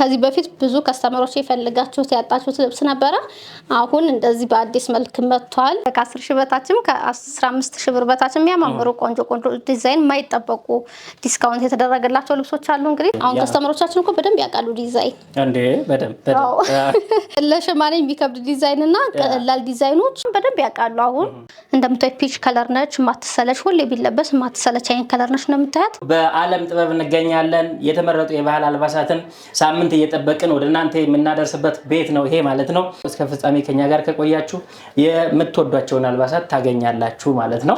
ከዚህ በፊት ብዙ ከስተመሮች የፈልጋችሁት ያጣችሁት ልብስ ነበረ። አሁን እንደዚህ በአዲስ መልክ መጥቷል። 1 ሺህ በታችም ከ15 ሺህ ብር በታችም የሚያማምሩ ቆንጆ ቆንጆ ዲዛይን የማይጠበቁ ዲስካውንት የተደረገላቸው ልብሶች አሉ። እንግዲህ አሁን ከስተመሮቻችን እኮ በደንብ ያውቃሉ ዲዛይን እንዴ፣ በደንብ ለሸማኔ የሚከብድ ዲዛይን እና ቀላል ዲዛይኖች በደንብ ያውቃሉ። አሁን እንደምታይ ፒች ከለር ነች፣ ማትሰለች ሁሌ ቢለበስ ማትሰለች አይነት ከለር ነች። እንደምታያት በአለም ጥበብ እንገኛለን። የተመረጡ የባህል አልባሳትን ሳምንት ሳምንት እየጠበቅን ወደ እናንተ የምናደርስበት ቤት ነው ይሄ ማለት ነው። እስከ ፍጻሜ ከኛ ጋር ከቆያችሁ የምትወዷቸውን አልባሳት ታገኛላችሁ ማለት ነው።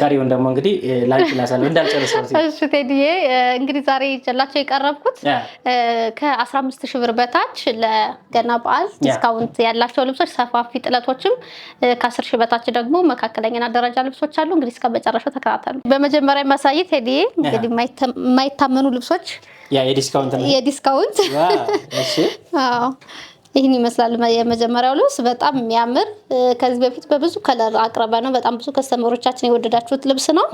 ቀሪውን ደግሞ እንግዲህ ላንቺ ላሳለ እንዳልጨርሰው ቴዲዬ። እንግዲህ ዛሬ ይዤላቸው የቀረብኩት ከ15 ሺህ ብር በታች ለገና በዓል ዲስካውንት ያላቸው ልብሶች፣ ሰፋፊ ጥለቶችም ከ10 ሺህ በታች ደግሞ መካከለኛና ደረጃ ልብሶች አሉ። እንግዲህ እስከ መጨረሻው ተከታተሉ። በመጀመሪያ ማሳየት ቴዲዬ እንግዲህ የማይታመኑ ልብሶች የዲስካውንት ይህን ይመስላል የመጀመሪያው ልብስ። በጣም የሚያምር ከዚህ በፊት በብዙ ከለር አቅርበ ነው። በጣም ብዙ ከስተመሮቻችን የወደዳችሁት ልብስ ነው።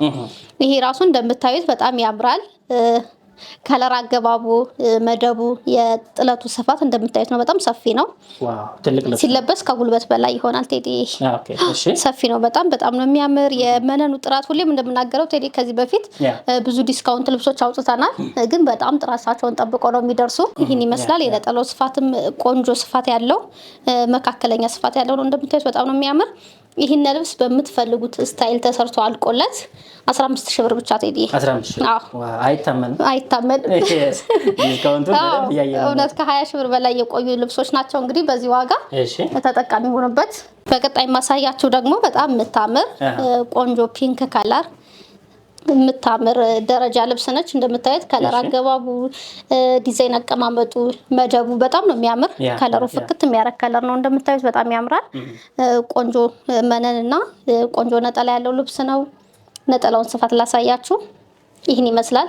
ይሄ ራሱ እንደምታዩት በጣም ያምራል። ከለር አገባቡ፣ መደቡ፣ የጥለቱ ስፋት እንደምታዩት ነው። በጣም ሰፊ ነው። ሲለበስ ከጉልበት በላይ ይሆናል። ቴዲ ሰፊ ነው። በጣም በጣም ነው የሚያምር። የመነኑ ጥራት ሁሌም እንደምናገረው ቴዲ ከዚህ በፊት ብዙ ዲስካውንት ልብሶች አውጥተናል፣ ግን በጣም ጥራሳቸውን ጠብቆ ነው የሚደርሱ። ይህን ይመስላል። የነጠለው ስፋትም ቆንጆ ስፋት ያለው መካከለኛ ስፋት ያለው ነው። እንደምታዩት በጣም ነው የሚያምር። ይህን ልብስ በምትፈልጉት ስታይል ተሰርቶ አልቆለት 15 ሺህ ብር ብቻ ቴዲ። አይታመንም አይታመንም። እውነት ሺህ ብር በላይ የቆዩ ልብሶች ናቸው። እንግዲህ በዚህ ዋጋ ተጠቃሚ ሆኑበት። በቀጣይ ማሳያችሁ ደግሞ በጣም የምታምር ቆንጆ ፒንክ ከለር የምታምር ደረጃ ልብስ ነች። እንደምታየት ከለር አገባቡ፣ ዲዛይን አቀማመጡ፣ መደቡ በጣም ነው የሚያምር። ከለሩ ፍክት የሚያረግ ከለር ነው። እንደምታዩት በጣም ያምራል። ቆንጆ መነን እና ቆንጆ ነጠላ ያለው ልብስ ነው። ነጠላውን ስፋት ላሳያችሁ። ይህን ይመስላል።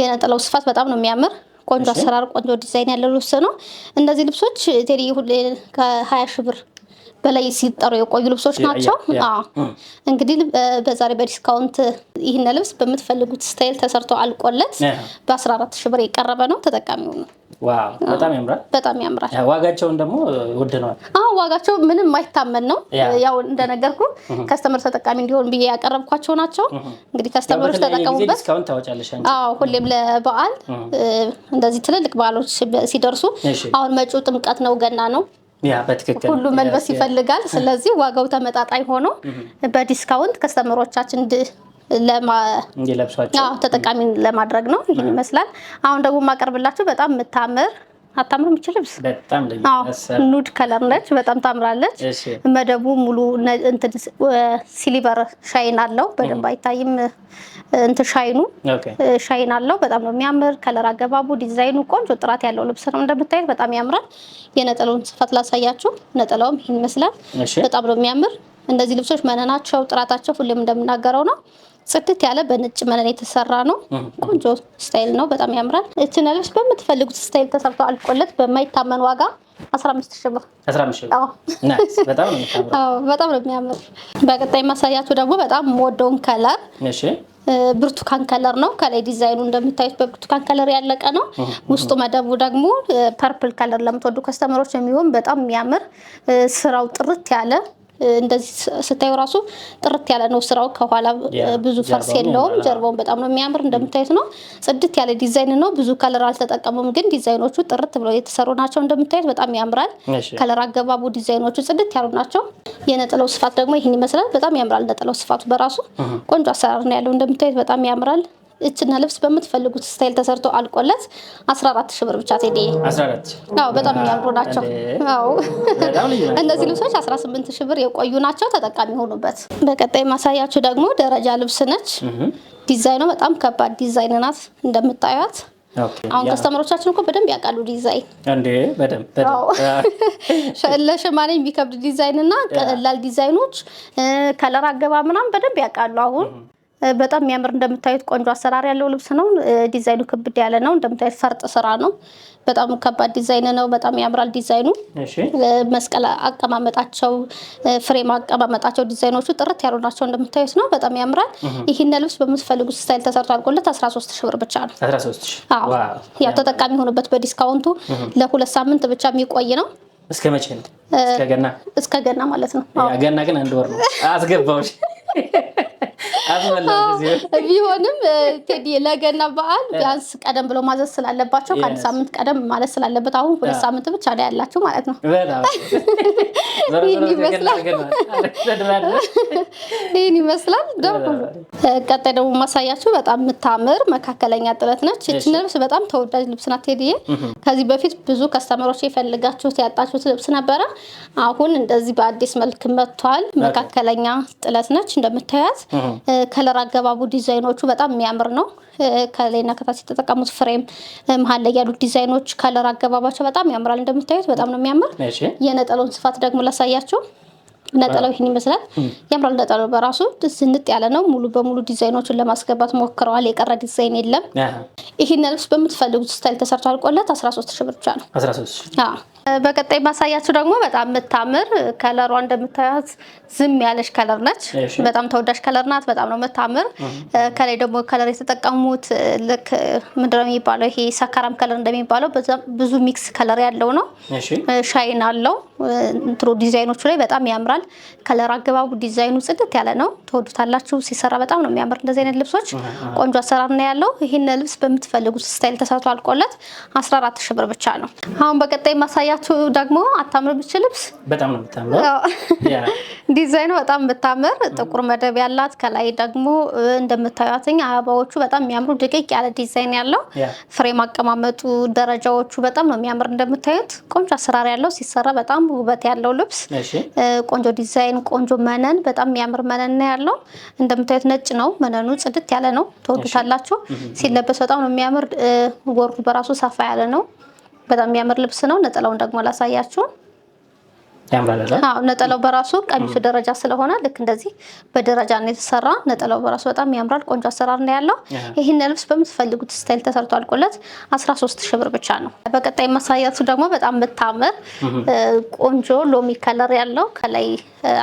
የነጠላው ስፋት በጣም ነው የሚያምር። ቆንጆ አሰራር፣ ቆንጆ ዲዛይን ያለው ልብስ ነው። እነዚህ ልብሶች ቴዲ ከሀያ ሺህ ብር በላይ ሲጠሩ የቆዩ ልብሶች ናቸው። እንግዲህ በዛሬ በዲስካውንት ይህን ልብስ በምትፈልጉት ስታይል ተሰርቶ አልቆለት በ14 ሺህ ብር የቀረበ ነው። ተጠቃሚው ነው። በጣም ያምራል። በጣም ያምራል። ዋጋቸውን ደግሞ ውድ ነው። ዋጋቸው ምንም ማይታመን ነው። ያው እንደነገርኩ ከስተመር ተጠቃሚ እንዲሆን ብዬ ያቀረብኳቸው ናቸው። እንግዲህ ከስተመሮች ተጠቀሙበት። አዎ ሁሌም ለበዓል እንደዚህ ትልልቅ በዓሎች ሲደርሱ አሁን መጪው ጥምቀት ነው፣ ገና ነው ሁሉ መልበስ ይፈልጋል። ስለዚህ ዋጋው ተመጣጣኝ ሆኖ በዲስካውንት ከስተምሮቻችን ተጠቃሚ ለማድረግ ነው። ይህን ይመስላል። አሁን ደግሞ የማቀርብላችሁ በጣም የምታምር አታምርም? ይች ልብስ ኑድ ከለር ነች፣ በጣም ታምራለች። መደቡ ሙሉ ሲሊቨር ሻይን አለው። በደንብ አይታይም እንትን ሻይኑ ሻይን አለው። በጣም ነው የሚያምር ከለር አገባቡ፣ ዲዛይኑ ቆንጆ ጥራት ያለው ልብስ ነው። እንደምታየት በጣም ያምራል። የነጠላውን ስፋት ላሳያችሁ። ነጠላውም ይህን ይመስላል። በጣም ነው የሚያምር። እነዚህ ልብሶች መነናቸው፣ ጥራታቸው ሁሌም እንደምናገረው ነው። ጽድት ያለ በነጭ መነን የተሰራ ነው። ቆንጆ ስታይል ነው። በጣም ያምራል። እቺ ነገር በምትፈልጉት ስታይል ተሰርቶ አልቆለት በማይታመን ዋጋ 15 ሺህ ብር። በጣም ነው የሚያምር። በቀጣይ ማሳያቱ ደግሞ በጣም የምወደውን ከለር ብርቱካን ከለር ነው። ከላይ ዲዛይኑ እንደምታዩት በብርቱካን ከለር ያለቀ ነው። ውስጡ መደቡ ደግሞ ፐርፕል ከለር ለምትወዱ ከስተመሮች የሚሆን በጣም የሚያምር ስራው ጥርት ያለ እንደዚህ ስታዩ ራሱ ጥርት ያለ ነው ስራው። ከኋላ ብዙ ፈርስ የለውም። ጀርባውን በጣም ነው የሚያምር እንደምታዩት ነው። ጽድት ያለ ዲዛይን ነው። ብዙ ከለር አልተጠቀሙም፣ ግን ዲዛይኖቹ ጥርት ብለው የተሰሩ ናቸው። እንደምታዩት በጣም ያምራል። ከለር አገባቡ፣ ዲዛይኖቹ ጽድት ያሉ ናቸው። የነጥለው ስፋት ደግሞ ይህን ይመስላል። በጣም ያምራል። ነጥለው ስፋቱ በራሱ ቆንጆ አሰራር ነው ያለው። እንደምታዩት በጣም ያምራል። እችና ልብስ በምትፈልጉት ስታይል ተሰርቶ አልቆለት 14 ሺህ ብር ብቻ ቴዲ። አዎ በጣም የሚያምሩ ናቸው። አዎ እነዚህ ልብሶች 18 ሺህ ብር የቆዩ ናቸው። ተጠቃሚ ሆኑበት። በቀጣይ ማሳያችሁ ደግሞ ደረጃ ልብስ ነች። ዲዛይኗ በጣም ከባድ ዲዛይን ናት እንደምታዩት። አሁን ከስተመሮቻችን እኮ በደንብ ያውቃሉ ዲዛይን እንዴ፣ በደንብ ለሸማኔ የሚከብድ ዲዛይን እና ቀላል ዲዛይኖች ከለር አገባ ምናምን በደንብ ያውቃሉ። አሁን በጣም የሚያምር እንደምታዩት ቆንጆ አሰራር ያለው ልብስ ነው። ዲዛይኑ ክብድ ያለ ነው። እንደምታዩት ፈርጥ ስራ ነው። በጣም ከባድ ዲዛይን ነው። በጣም ያምራል ዲዛይኑ። መስቀል አቀማመጣቸው፣ ፍሬም አቀማመጣቸው፣ ዲዛይኖቹ ጥርት ያሉ ናቸው። እንደምታዩት ነው። በጣም ያምራል። ይህን ልብስ በምትፈልጉት ስታይል ተሰርቶ አልቆለት 13 ሺህ ብር ብቻ ነው። ያው ተጠቃሚ ሆኑበት በዲስካውንቱ። ለሁለት ሳምንት ብቻ የሚቆይ ነው። እስከ መቼ ነው? እስከ ገና ማለት ነው። ገና ግን አንድ ወር ነው። አስገባዎች ቢሆንም ቴዲ ለገና በዓል ቢያንስ ቀደም ብሎ ማዘዝ ስላለባቸው ከአንድ ሳምንት ቀደም ማለት ስላለበት አሁን ሁለት ሳምንት ብቻ ላይ ያላችሁ ማለት ነው። ይህን ይመስላል ይህን ይመስላል። ደግሞ ቀጣይ ደግሞ ማሳያችሁ በጣም የምታምር መካከለኛ ጥለት ነች። ይችን ልብስ በጣም ተወዳጅ ልብስ ናት ቴዲዬ። ከዚህ በፊት ብዙ ከስተመሮች የፈልጋችሁት ያጣችሁት ልብስ ነበረ። አሁን እንደዚህ በአዲስ መልክ መጥቷል። መካከለኛ ጥለት ነች እንደምታያት ከለር አገባቡ ዲዛይኖቹ በጣም የሚያምር ነው። ከላይና ከታች የተጠቀሙት ፍሬም፣ መሀል ላይ ያሉት ዲዛይኖች ከለር አገባባቸው በጣም ያምራል። እንደምታዩት በጣም ነው የሚያምር። የነጠላውን ስፋት ደግሞ ላሳያቸው። ነጠለው ይህን ይመስላል። ያምራል። ነጠላው በራሱ ስንጥ ያለ ነው። ሙሉ በሙሉ ዲዛይኖችን ለማስገባት ሞክረዋል። የቀረ ዲዛይን የለም። ይህን ልብስ በምትፈልጉት ስታይል ተሰርቶ አልቆለት ሶስት ሺህ ብቻ ነው። በቀጣይ ማሳያችሁ ደግሞ በጣም የምታምር ከለሯ እንደምታያት ዝም ያለች ከለር ነች። በጣም ተወዳጅ ከለር ናት። በጣም ነው የምታምር። ከላይ ደግሞ ከለር የተጠቀሙት ልክ ምንድን ነው የሚባለው ይሄ ሰካራም ከለር እንደሚባለው ብዙ ሚክስ ከለር ያለው ነው። ሻይን አለው እንትሮ ዲዛይኖቹ ላይ በጣም ያምራል። ከለር አገባቡ ዲዛይኑ ጽድት ያለ ነው። ተወዱታላችሁ። ሲሰራ በጣም ነው የሚያምር። እንደዚህ አይነት ልብሶች ቆንጆ አሰራር ነው ያለው። ይህን ልብስ በምትፈልጉት ስታይል ተሰርቶ አልቆለት 14 ሺ ብር ብቻ ነው። አሁን በቀጣይ ማሳያ ካያችሁ ደግሞ አታምር ብች ልብስ በጣም ነው የምታምረው። ዲዛይኑ በጣም የምታምር ጥቁር መደብ ያላት ከላይ ደግሞ እንደምታዩትኝ አበባዎቹ በጣም የሚያምሩ ድቅቅ ያለ ዲዛይን ያለው ፍሬም አቀማመጡ ደረጃዎቹ በጣም ነው የሚያምር። እንደምታዩት ቆንጆ አሰራር ያለው ሲሰራ በጣም ውበት ያለው ልብስ ቆንጆ ዲዛይን፣ ቆንጆ መነን፣ በጣም የሚያምር መነን ያለው እንደምታዩት ነጭ ነው መነኑ ጽድት ያለ ነው። ትወዱታላችሁ። ሲለበስ በጣም ነው የሚያምር። ወርዱ በራሱ ሰፋ ያለ ነው። በጣም የሚያምር ልብስ ነው። ነጠላውን ደግሞ ላሳያችሁ። ነጠላው በራሱ ቀሚሱ ደረጃ ስለሆነ ልክ እንደዚህ በደረጃ ነው የተሰራ። ነጠላው በራሱ በጣም ያምራል። ቆንጆ አሰራር ነው ያለው። ይህን ልብስ በምትፈልጉት ስታይል ተሰርቶ አልቆለት 13 ሺህ ብር ብቻ ነው። በቀጣይ ማሳያቱ ደግሞ በጣም የምታምር ቆንጆ ሎሚ ከለር ያለው ከላይ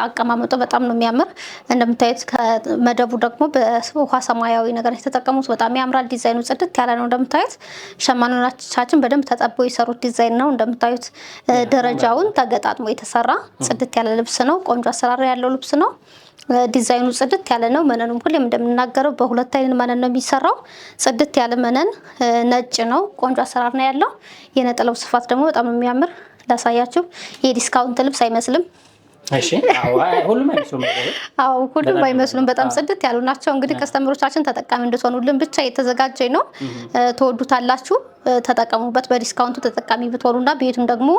አቀማመጡ በጣም ነው የሚያምር። እንደምታዩት ከመደቡ ደግሞ በውሃ ሰማያዊ ነገር የተጠቀሙት በጣም ያምራል። ዲዛይኑ ጽድት ያለ ነው። እንደምታዩት ሸማኖቻችን በደንብ ተጠቦ የሰሩት ዲዛይን ነው። እንደምታዩት ደረጃውን ተገጣጥሞ የተሰራ ጽድት ያለ ልብስ ነው። ቆንጆ አሰራር ያለው ልብስ ነው። ዲዛይኑ ጽድት ያለ ነው። መነኑም ሁሌም እንደምናገረው በሁለት አይነት መነን ነው የሚሰራው። ጽድት ያለ መነን ነጭ ነው። ቆንጆ አሰራር ነው ያለው። የነጠለው ስፋት ደግሞ በጣም የሚያምር ላሳያችሁ። የዲስካውንት ልብስ አይመስልም። ሁሉም አይመስሉም። በጣም ጽድት ያሉ ናቸው። እንግዲህ ከስተምሮቻችን ተጠቃሚ እንድትሆኑልን ብቻ የተዘጋጀ ነው። ትወዱታላችሁ፣ ተጠቀሙበት። በዲስካውንቱ ተጠቃሚ ብትሆኑና ቤቱን ደግሞ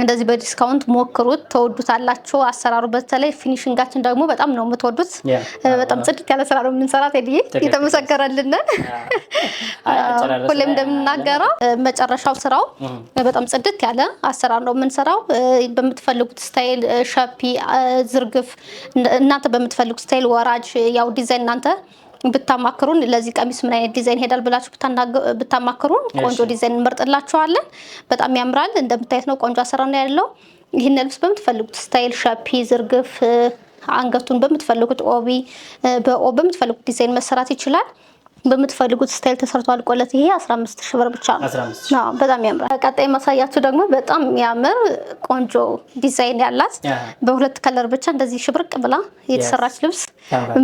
እንደዚህ በዲስካውንት ሞክሩት፣ ትወዱታላችሁ አሰራሩ በተለይ ፊኒሽንጋችን ደግሞ በጣም ነው የምትወዱት። በጣም ጽድት ያለ ስራ ነው የምንሰራት። ዲ የተመሰከረልን። ሁሌም እንደምናገረው መጨረሻው ስራው በጣም ጽድት ያለ አሰራር ነው የምንሰራው በምትፈልጉት ስታይል ሸፕ ዝርግፍ፣ እናንተ በምትፈልጉ ስታይል ወራጅ፣ ያው ዲዛይን እናንተ ብታማክሩን ለዚህ ቀሚስ ምን አይነት ዲዛይን ይሄዳል ብላችሁ ብታማክሩን ቆንጆ ዲዛይን እንመርጥላችኋለን። በጣም ያምራል። እንደምታየት ነው፣ ቆንጆ አሰራ ነው ያለው። ይህን ልብስ በምትፈልጉት ስታይል ሸፒ፣ ዝርግፍ፣ አንገቱን በምትፈልጉት ኦቢ፣ በኦ በምትፈልጉት ዲዛይን መሰራት ይችላል። በምትፈልጉት ስታይል ተሰርቶ አልቆለት ይሄ 15000 ብር ብቻ ነው። በጣም ያምራል። ቀጣይ ማሳያችሁ ደግሞ በጣም የሚያምር ቆንጆ ዲዛይን ያላት በሁለት ከለር ብቻ እንደዚህ ሽብርቅ ብላ የተሰራች ልብስ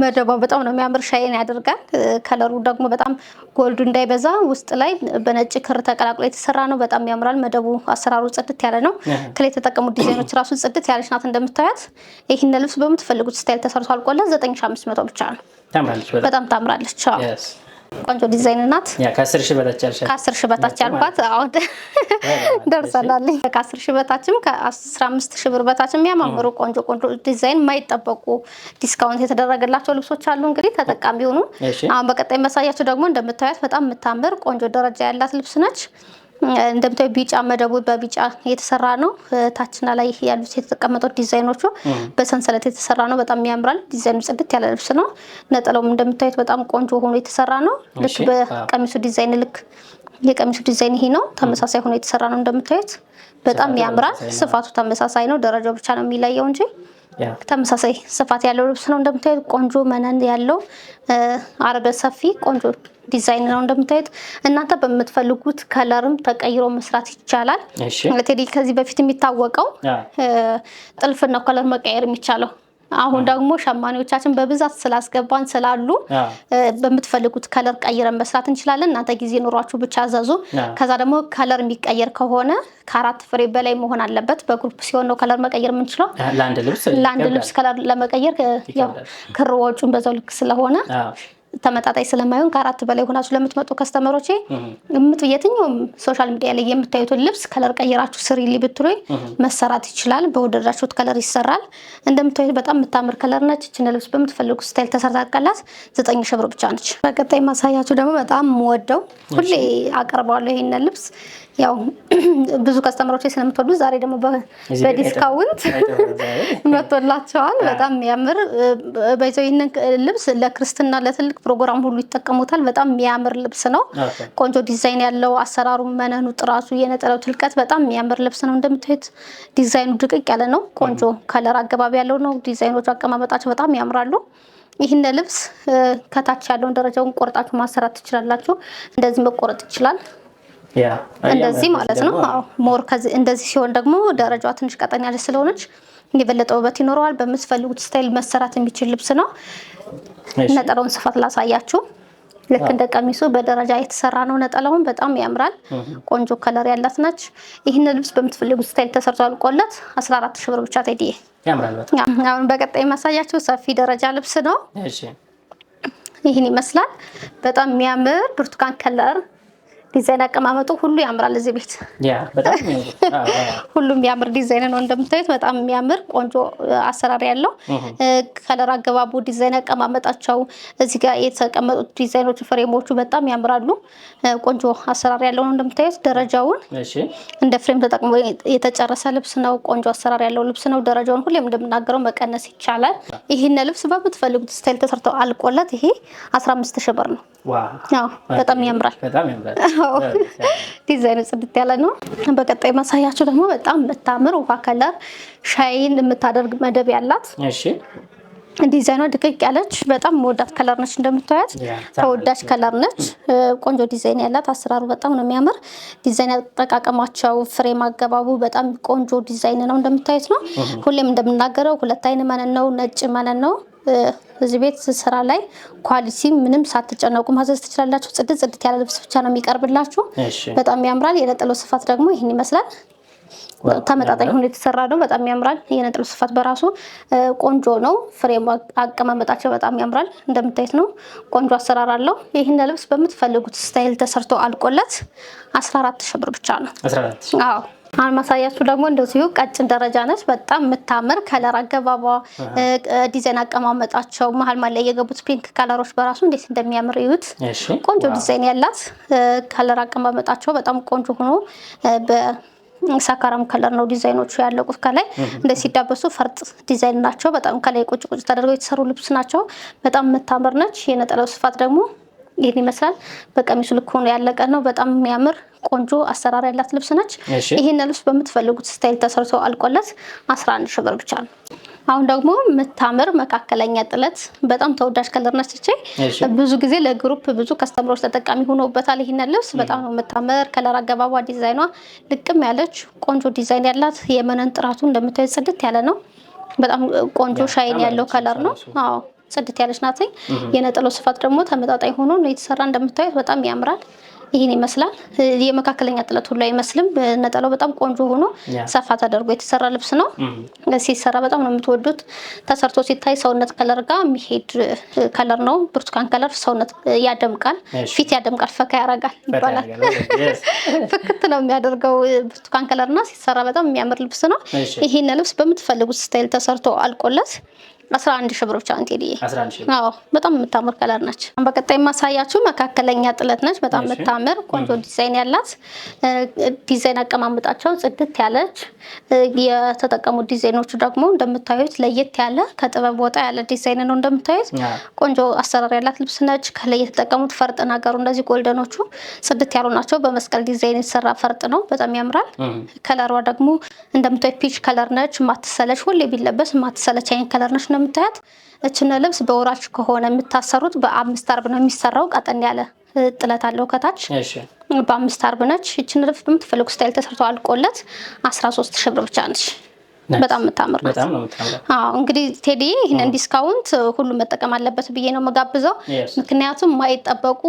መደቧ በጣም ነው የሚያምር፣ ሻይን ያደርጋል። ከለሩ ደግሞ በጣም ጎልዱ እንዳይበዛ ውስጥ ላይ በነጭ ክር ተቀላቅሎ የተሰራ ነው። በጣም ያምራል። መደቡ አሰራሩ ጽድት ያለ ነው። ከላይ የተጠቀሙት ዲዛይኖች ራሱ ጽድት ያለች ናት። እንደምታያት ይህን ልብስ በምትፈልጉት ስታይል ተሰርቶ አልቆለት 9500 ብቻ ነው። በጣም ታምራለች። ቆንጆ ዲዛይን ናት። ከአስር ሺህ በታች ያልኳት አሁን ደርሰናል። ከአስር ሺህ በታችም ከአስራ አምስት ሺህ ብር በታችም የሚያማምሩ ቆንጆ ቆንጆ ዲዛይን የማይጠበቁ ዲስካውንት የተደረገላቸው ልብሶች አሉ። እንግዲህ ተጠቃሚ ሆኑ። አሁን በቀጣይ መሳያቸው ደግሞ እንደምታዩት በጣም የምታምር ቆንጆ ደረጃ ያላት ልብስ ነች። እንደምታዩ ቢጫ መደቡ በቢጫ የተሰራ ነው። ታችና ላይ ያሉት የተቀመጡት ዲዛይኖቹ በሰንሰለት የተሰራ ነው። በጣም ያምራል። ዲዛይኑ ጽድት ያለ ልብስ ነው። ነጠላውም እንደምታዩት በጣም ቆንጆ ሆኖ የተሰራ ነው። ልክ በቀሚሱ ዲዛይን ልክ የቀሚሱ ዲዛይን ይሄ ነው። ተመሳሳይ ሆኖ የተሰራ ነው። እንደምታዩት በጣም ያምራል። ስፋቱ ተመሳሳይ ነው። ደረጃው ብቻ ነው የሚለየው እንጂ ተመሳሳይ ስፋት ያለው ልብስ ነው እንደምታዩት። ቆንጆ መነን ያለው አረበ ሰፊ ቆንጆ ዲዛይን ነው እንደምታዩት። እናንተ በምትፈልጉት ከለርም ተቀይሮ መስራት ይቻላል። ቴዲ ከዚህ በፊት የሚታወቀው ጥልፍና ከለር መቀየር የሚቻለው አሁን ደግሞ ሸማኔዎቻችን በብዛት ስላስገባን ስላሉ በምትፈልጉት ከለር ቀይረን መስራት እንችላለን። እናንተ ጊዜ ኑሯችሁ ብቻ አዘዙ። ከዛ ደግሞ ከለር የሚቀየር ከሆነ ከአራት ፍሬ በላይ መሆን አለበት። በግሩፕ ሲሆን ነው ከለር መቀየር የምንችለው። ለአንድ ልብስ ከለር ለመቀየር ክር ወጩን በዛው ልክ ስለሆነ ተመጣጣኝ ስለማይሆን ከአራት በላይ ሆናችሁ ለምትመጡ ከስተመሮቼ የትኛውም ሶሻል ሚዲያ ላይ የምታዩትን ልብስ ከለር ቀይራችሁ ስሪልኝ ብትሉኝ መሰራት ይችላል። በወደዳችሁት ከለር ይሰራል። እንደምታዩት በጣም የምታምር ከለር ነች። ይችን ልብስ በምትፈልጉ ስታይል ተሰርታ ቀላት ዘጠኝ ሺህ ብር ብቻ ነች። በቀጣይ ማሳያችሁ ደግሞ በጣም ወደው ሁሌ አቀርበዋለሁ ይሄንን ልብስ ያው ብዙ ከስተመሮች ስለምትወዱ ዛሬ ደግሞ በዲስካውንት መቶላቸዋል። በጣም የሚያምር በይዘው ይህንን ልብስ ለክርስትና ለትልቅ ፕሮግራም ሁሉ ይጠቀሙታል። በጣም የሚያምር ልብስ ነው። ቆንጆ ዲዛይን ያለው አሰራሩ፣ መነኑ፣ ጥራሱ፣ የነጠለው ትልቀት በጣም የሚያምር ልብስ ነው። እንደምታዩት ዲዛይኑ ድቅቅ ያለ ነው። ቆንጆ ከለር አገባቢ ያለው ነው። ዲዛይኖቹ አቀማመጣቸው በጣም ያምራሉ። ይህን ልብስ ከታች ያለውን ደረጃውን ቆርጣችሁ ማሰራት ትችላላችሁ። እንደዚህ መቆረጥ ይችላል እንደዚህ ማለት ነው። ሞር እንደዚህ ሲሆን ደግሞ ደረጃዋ ትንሽ ቀጠን ያለች ስለሆነች የበለጠ ውበት ይኖረዋል። በምትፈልጉት ስታይል መሰራት የሚችል ልብስ ነው። ነጠላውን ስፋት ላሳያችሁ። ልክ እንደ ቀሚሱ በደረጃ የተሰራ ነው። ነጠላውን በጣም ያምራል። ቆንጆ ከለር ያላት ነች። ይህንን ልብስ በምትፈልጉት ስታይል ተሰርቶ አልቆለት 14 ሺህ ብር ብቻ ቴዲዬ። አሁን በቀጣይ ማሳያችሁ ሰፊ ደረጃ ልብስ ነው። ይህን ይመስላል። በጣም የሚያምር ብርቱካን ከለር ዲዛይን አቀማመጡ ሁሉ ያምራል። እዚህ ቤት ሁሉም የሚያምር ዲዛይን ነው እንደምታዩት፣ በጣም የሚያምር ቆንጆ አሰራር ያለው ከለር አገባቡ፣ ዲዛይን አቀማመጣቸው፣ እዚህ ጋር የተቀመጡት ዲዛይኖቹ ፍሬሞቹ በጣም ያምራሉ። ቆንጆ አሰራር ያለው ነው እንደምታዩት። ደረጃውን እንደ ፍሬም ተጠቅሞ የተጨረሰ ልብስ ነው። ቆንጆ አሰራር ያለው ልብስ ነው። ደረጃውን ሁሌም እንደምናገረው መቀነስ ይቻላል። ይህን ልብስ በምትፈልጉት ስታይል ተሰርተው አልቆለት ይሄ አስራ አምስት ሺህ ብር ነው። በጣም ያምራል። ዲዛይኑ ጽድት ያለ ነው። በቀጣይ ማሳያቸው ደግሞ በጣም የምታምር ውሃ ከለር ሻይን የምታደርግ መደብ ያላት ዲዛይኗ ድቅቅ ያለች በጣም መወዳት ከለር ነች። እንደምታያት ተወዳጅ ከለር ነች። ቆንጆ ዲዛይን ያላት አሰራሩ በጣም ነው የሚያምር። ዲዛይን ያጠቃቀማቸው ፍሬም አገባቡ በጣም ቆንጆ ዲዛይን ነው። እንደምታዩት ነው። ሁሌም እንደምናገረው ሁለት አይን መነን ነው፣ ነጭ መነን ነው። እዚህ ቤት ስራ ላይ ኳሊቲ ምንም ሳትጨነቁ ማዘዝ ትችላላችሁ። ጽድት ጽድት ያለ ልብስ ብቻ ነው የሚቀርብላችሁ። በጣም ያምራል። የነጠለው ስፋት ደግሞ ይህን ይመስላል። ተመጣጣኝ ሆኖ የተሰራ ነው። በጣም ያምራል። የነጥብ ስፋት በራሱ ቆንጆ ነው። ፍሬም አቀማመጣቸው በጣም ያምራል። እንደምታዩት ነው። ቆንጆ አሰራር አለው። ይህን ልብስ በምትፈልጉት ስታይል ተሰርቶ አልቆለት 14 ሺህ ብር ብቻ ነው። አዎ አልማሳያችሁ ደግሞ እንደዚሁ ቀጭን ደረጃ ነች። በጣም የምታምር ከለር አገባቧ፣ ዲዛይን አቀማመጣቸው መሀል ማለ የገቡት ፒንክ ከለሮች በራሱ እንዴት እንደሚያምር እዩት። ቆንጆ ዲዛይን ያላት ከለር አቀማመጣቸው በጣም ቆንጆ ሆኖ ሳካራም ከለር ነው ዲዛይኖቹ ያለቁት። ከላይ እንደ ሲዳበሱ ፈርጥ ዲዛይን ናቸው። በጣም ከላይ ቁጭ ቁጭ ተደርገው የተሰሩ ልብስ ናቸው። በጣም የምታምር ነች። የነጠለው ስፋት ደግሞ ይህን ይመስላል። በቀሚሱ ልክ ሆኖ ያለቀ ነው። በጣም የሚያምር ቆንጆ አሰራር ያላት ልብስ ነች። ይህን ልብስ በምትፈልጉት ስታይል ተሰርቶ አልቆለት 11 ሺህ ብር ብቻ ነው። አሁን ደግሞ የምታምር መካከለኛ ጥለት በጣም ተወዳጅ ከለር ነች። ብዙ ጊዜ ለግሩፕ ብዙ ከስተምሮች ተጠቃሚ ሆኖበታል ይህን ልብስ በጣም ነው የምታምር። ከለር አገባቧ፣ ዲዛይኗ ልቅም ያለች ቆንጆ ዲዛይን ያላት የመነን ጥራቱ እንደምታዩት ጽድት ያለ ነው። በጣም ቆንጆ ሻይን ያለው ከለር ነው። አዎ ጽድት ያለች ናትኝ። የነጠላው ስፋት ደግሞ ተመጣጣኝ ሆኖ የተሰራ እንደምታዩት በጣም ያምራል። ይህን ይመስላል። የመካከለኛ ጥለት ሁሉ አይመስልም። ነጠላው በጣም ቆንጆ ሆኖ ሰፋ ተደርጎ የተሰራ ልብስ ነው። ሲሰራ በጣም ነው የምትወዱት። ተሰርቶ ሲታይ ሰውነት ከለር ጋር የሚሄድ ከለር ነው። ብርቱካን ከለር ሰውነት ያደምቃል፣ ፊት ያደምቃል፣ ፈካ ያረጋል ይባላል። ፍክት ነው የሚያደርገው ብርቱካን ከለርና ሲሰራ በጣም የሚያምር ልብስ ነው። ይህን ልብስ በምትፈልጉት ስታይል ተሰርቶ አልቆለት አስራ አንድ ሺህ ብር ብቻ ቴዲዬ። አዎ በጣም የምታምር ከለር ነች። በቀጣይ ማሳያችሁ መካከለኛ ጥለት ነች። በጣም የምታምር ቆንጆ ዲዛይን ያላት ዲዛይን አቀማመጣቸው ጽድት ያለች። የተጠቀሙት ዲዛይኖቹ ደግሞ እንደምታዩት ለየት ያለ ከጥበብ ወጣ ያለ ዲዛይን ነው። እንደምታዩት ቆንጆ አሰራር ያላት ልብስ ነች። ከላይ የተጠቀሙት ፈርጥ ነገሩ እንደዚህ ጎልደኖቹ ጽድት ያሉ ናቸው። በመስቀል ዲዛይን የተሰራ ፈርጥ ነው። በጣም ያምራል። ከለሯ ደግሞ እንደምታዩት ፒች ከለር ነች። ማትሰለች፣ ሁሌ ቢለበስ ማትሰለች አይነት ከለር ነች። እንደምታያት እችነ ልብስ በወራች ከሆነ የምታሰሩት በአምስት አርብ ነው የሚሰራው። ቀጠን ያለ ጥለት አለው ከታች በአምስት አርብ ነች። እችን ልብስ በምትፈልጉ ስታይል ተሰርቶ አልቆለት አስራ ሶስት ሺህ ብር ብቻ ነች። በጣም የምታምር ናት። እንግዲህ ቴዲ ይህንን ዲስካውንት ሁሉም መጠቀም አለበት ብዬ ነው መጋብዘው ምክንያቱም ማይጠበቁ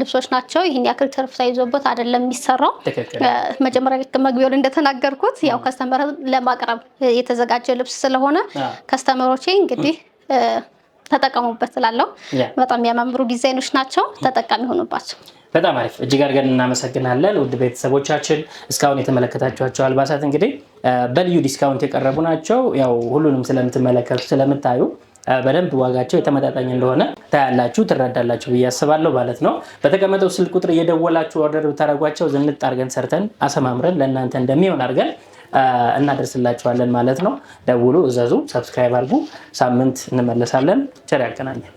ልብሶች ናቸው። ይህን ያክል ትርፍ ሳይዞበት አይደለም የሚሰራው። መጀመሪያ ልክ መግቢያው ላይ እንደተናገርኩት ያው ከስተመር ለማቅረብ የተዘጋጀ ልብስ ስለሆነ ከስተመሮቼ እንግዲህ ተጠቀሙበት ስላለው በጣም የሚያማምሩ ዲዛይኖች ናቸው። ተጠቃሚ ሆኑባቸው። በጣም አሪፍ እጅግ አድርገን እናመሰግናለን። ውድ ቤተሰቦቻችን እስካሁን የተመለከታችኋቸው አልባሳት እንግዲህ በልዩ ዲስካውንት የቀረቡ ናቸው። ያው ሁሉንም ስለምትመለከቱ ስለምታዩ በደንብ ዋጋቸው የተመጣጣኝ እንደሆነ ታያላችሁ፣ ትረዳላችሁ ብዬ አስባለሁ ማለት ነው። በተቀመጠው ስልክ ቁጥር እየደወላችሁ ኦርደር ብታደረጓቸው ዝንጥ አድርገን ሰርተን አሰማምረን ለእናንተ እንደሚሆን አድርገን እናደርስላችኋለን ማለት ነው። ደውሉ፣ እዘዙ፣ ሰብስክራይብ አድርጉ። ሳምንት እንመለሳለን። ቸር ያገናኘን።